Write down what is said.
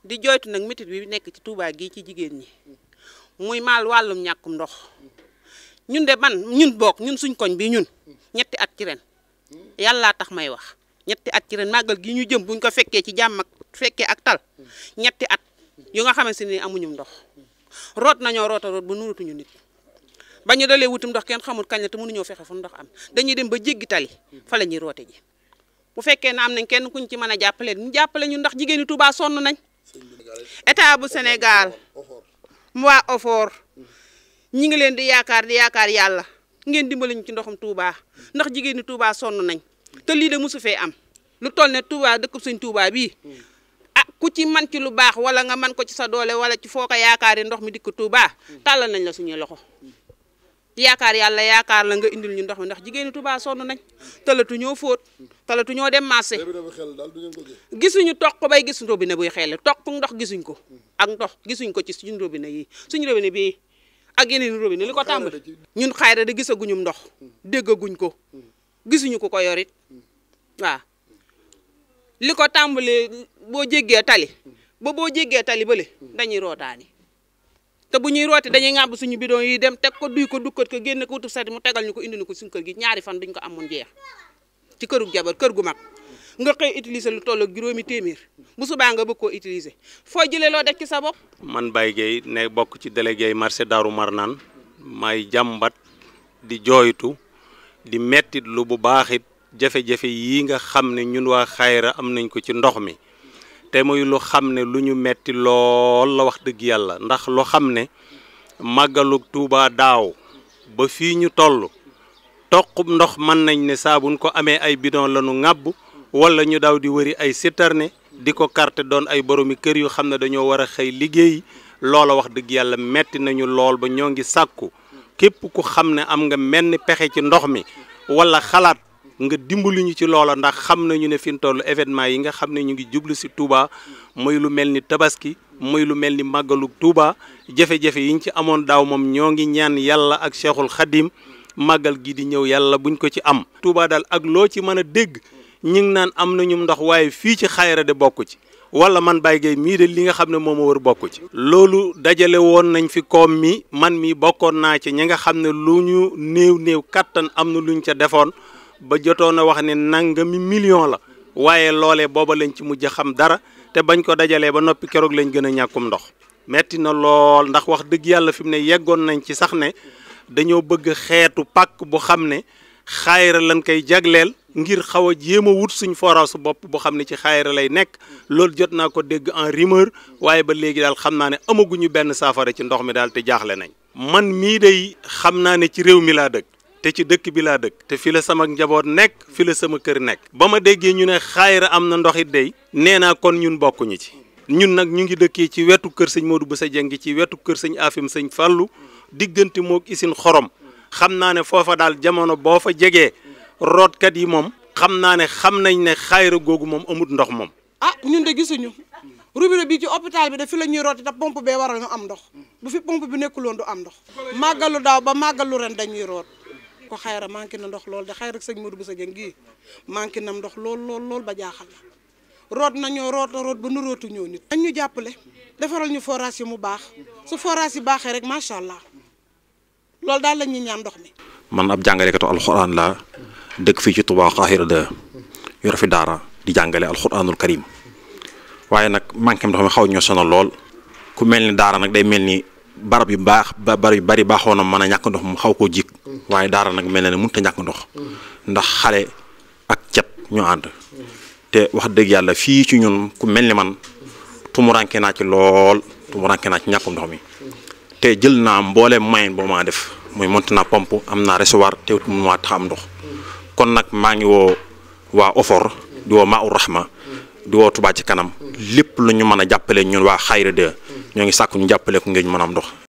di joytu nag métit bi nekk ci Touba gii ci jigéen ñi muy maal wàllum ñàkkum ndox ñun de man ñun bokk ñun suñ koñ bi ñun ñetti at ci ren yàllaa tax may wax ñetti at ci ren màggal gi ñu jëm buñ ko fekkee ci jàmm ak fekkee ak tal ñetti at yu nga xamante ni amuñu ndox root nañoo roota root ba nurutuñu nit ba ñu dalee wutum ndox kenn xamul kañ la te mënuñoo fexe fu ndox am dañuy dem ba jéggi tali fa la ñuy roote ji bu fekkee na am na kenn kuñ ci mën a jàppale ñu jàppale ñu ndax jigéeni Touba nañ état bu Sénégal waa Ofor ñi ngi leen di yaakaar di yaakaar yàlla ngeen dimbali ñu ci ndoxum Touba ndax jigéen ñi Touba sonn nañ te lii de mosu fee am lu toll ne Touba dëkkub suñ Touba bii ah ku ci man ci lu baax wala nga man ko ci sa doole wala ci foo ko yaakaari ndox mi dikk Touba tàllal nañ la suñuy loxo. yaakaar yàlla yaakaar la nga indil ñu ndox mi ndax jigéeni Touba sonn nañ talatu ñoo fóot talatu ñoo dem marché gisuñu toq bay gis robinet buy xeele toq ndox gisuñ ko ak ndox gisuñ ko ci suñu robinet yi suñu robinet bii ak yeneen robinet li ko tàmbali ñun xayra de gisaguñum ndox déggaguñ ko gisuñu ko ko yorit waaw li ko tàmbali boo jéggee tali ba boo jéggee tali bële dañuy rootaani te bu ñuy rooti dañuy ŋàbb suñu bidon yi dem te ko duy ko dukkat ko génne ko wutub sati mu tegal ñu ko indi na ko suñu kër gi ñaari fan duñ ko amoon jeex ci këru jabar kër gu mag nga xëy utiliser lu toll ak juróomi téeméer bu subaa nga bëgg koo utiliser foo jëlee loo def ci sa bopp. man Baye Gueye ne bokk ci délégué marché Darou Marnaan may jàmbat di jooytu di mettit lu bu baax it jafe-jafe yii nga xam ne ñun waa xayra am nañ ko ci ndox mi te muy lu xam ne lu ñu metti lool la wax dëgg yàlla ndax lu xam ne màggalug Tuubaa daaw ba fii ñu toll toqub ndox mën nañ ne saabuñ ko amee ay bidon la ñu ŋàbb wala ñu daaw di wëri ay citerne di ko carte doon ay boromi kër yu xam ne dañoo war a xëy liggéey loola wax dëgg yàlla metti nañu lool ba ñoo ngi sàkku képp ku xam ne am nga menn pexe ci ndox mi wala xalaat nga dimbali ñu ci loola ndax xam nañu ne fi mu toll événement yi nga xam ne ñu ngi jublu si Touba muy lu mel ni tabaski muy lu mel ni màggalu Touba jafe-jafe yi ñu ci amoon daaw moom ñoo ngi ñaan yàlla ak Cheikhul Khadim màggal gi di ñëw yàlla buñ ko ci am. Touba daal ak loo ci mën a dégg ñu ngi naan am nañu ndox waaye fii ci xayra de bokku ci. wala man Baye Gueye mii de li nga xam ne moom a war bokk ci. loolu dajale woon nañ fi koom mi man mii bokkoon naa ci ñi nga xam ne lu ñu néew néew kattan am na luñ ca defoon. ba jotoon a wax ne mi million la waaye loole booba lañ ci mujj xam dara te bañ ko dajalee ba noppi keroog lañ gën a ñàkkum ndox metti na lool ndax wax dëgg yàlla fi mu ne yeggoon nañ ci sax ne dañoo bëgg xeetu pàkk bu xam ne xaayira lañ koy jagleel ngir xaw a jéem a wut suñ forage bopp boo xam ne ci xaayira lay nekk loolu jot naa ko dégg en rumeur waaye ba léegi daal xam naa ne amaguñu benn saafara ci ndox mi daal te jaaxle nañ man mii day xam naa ne ci réew mi laa dëkk te ci dëkk bi laa dëkk te fi la sama njaboot nekk fi la sama kër nekk ba ma déggee ñu ne xaayira am na ndox it day nee naa kon ñun bokkuñu ci ñun nag ñu ngi dëkkee ci wetu kër sëñ Modou Boussa Dieng ci wetu kër sëñ Afim sëñ Fallou diggante moog isin xorom xam naa ne foofa daal jamono boo fa jegee rootkat yi moom xam naa ne xam nañ ne xaayira googu moom amut ndox moom ah ñun de gisuñu robinet bii ci hôpital bi de fi la ñuy rooti te pompe bee waral ñu am ndox bu fi pompe bi nekkuloon du am ndox màggalu daaw ba màggalu ren dañuy root ko xayra manqué na ndox lool de xayra ak sëñ Modou Bousso Dieng gii manqué na ndox lool lool lool ba jaaxal na root nañoo root root ba nu rootu ñoo nit dañ ñu jàppale defaral ñu forage yi mu baax su forage yi baaxee rek macha allah loolu daal la ñuy ñaan ndox mi man ab jàngalekatu alxuraan la dëkk fii ci Touba Xaahira de yor daara di jàngale alxuraanul karim waaye nag manqué ndox mi xaw ñoo sonal lool ku mel ni daara nag day mel ni barab yu baax barab yu bari baaxoon na mën a ñàkk ndox mu xaw koo jik waaye daara nag mel na ne mënut a ñàkk ndox ndax xale ak cet ñu ànd te wax dëgg yàlla fii ci ñun ku mel ni man tumuranke naa ci lool tumuranke naa ci ñàkkum ndox mi te jël naa mboole moyen boo maa def mooy monte na pomp am naa réservoir te mu maa tax ndox kon nag maa ngi woo waa Ofor di woo Maa ur Rahma di woo Touba ci kanam lépp lu ñu mën a jàppale ñun waa Xayra de ñoo ngi sàkku ñu jàppale ko ngeen mën a ndox.